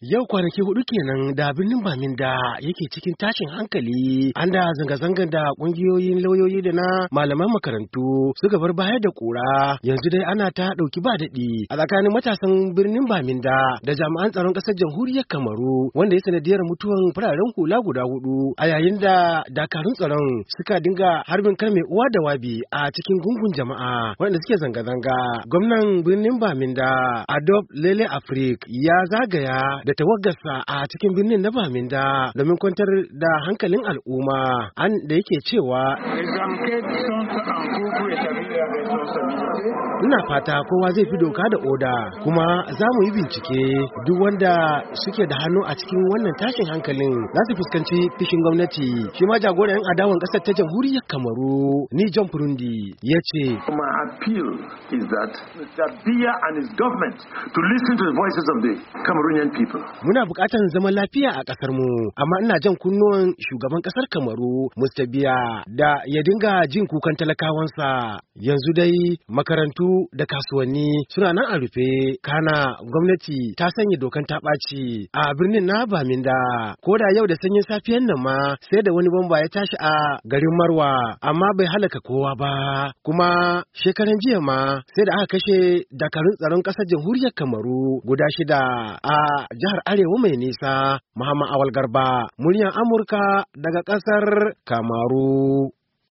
Yau kwanaki hudu kenan da birnin Baminda yake cikin tashin hankali an da zanga-zangar da kungiyoyin lauyoyi da na malaman makarantu suka bar baya da kura yanzu dai ana ta dauki ba daɗi a tsakanin matasan birnin Baminda da jami'an tsaron ƙasar jamhuriyar Kamaru wanda ya sanadiyar mutuwan fararen hula guda hudu a yayin da dakarun tsaron suka dinga harbin kan mai uwa da wabi a cikin gungun jama'a waɗanda suke zanga-zanga. Gwamnan birnin Baminda adob Lele Afrik ya zagaya da tawagarsa a cikin birnin na Baminda domin kwantar da hankalin al'umma an da yake cewa Ina fata kowa zai fi doka da oda kuma za mu yi bincike duk wanda suke da hannu a cikin wannan tashin hankalin za su fuskanci fishin gwamnati shi ma jagoran 'yan adawan kasar ta jamhuriyar kamaru ni john furundi ya ce my appeal is that, Mr. Biya and his government to ten to the voices of the Cameroonian people Muna bukatar zaman lafiya a ƙasar mu, amma ina jan kunnuwan shugaban ƙasar Kamaru Mr. Biya da ya dinga jin kukan talakawansa. Yanzu dai makarantu da kasuwanni suna nan a rufe. Kana gwamnati ta sanya dokan ta ɓaci a birnin na Baminda. Ko da yau da sanyin safiyan nan ma sai da wani bamba ya tashi a garin Marwa amma bai halaka kowa ba. Kuma shekaran jiya ma sai da aka kashe dakarun tsaron ƙasar jamhuriyar Kamaru guda shida a jihar Arewa mai nisa Muhammad Awal Garba, muryar Amurka daga ƙasar Kamaru.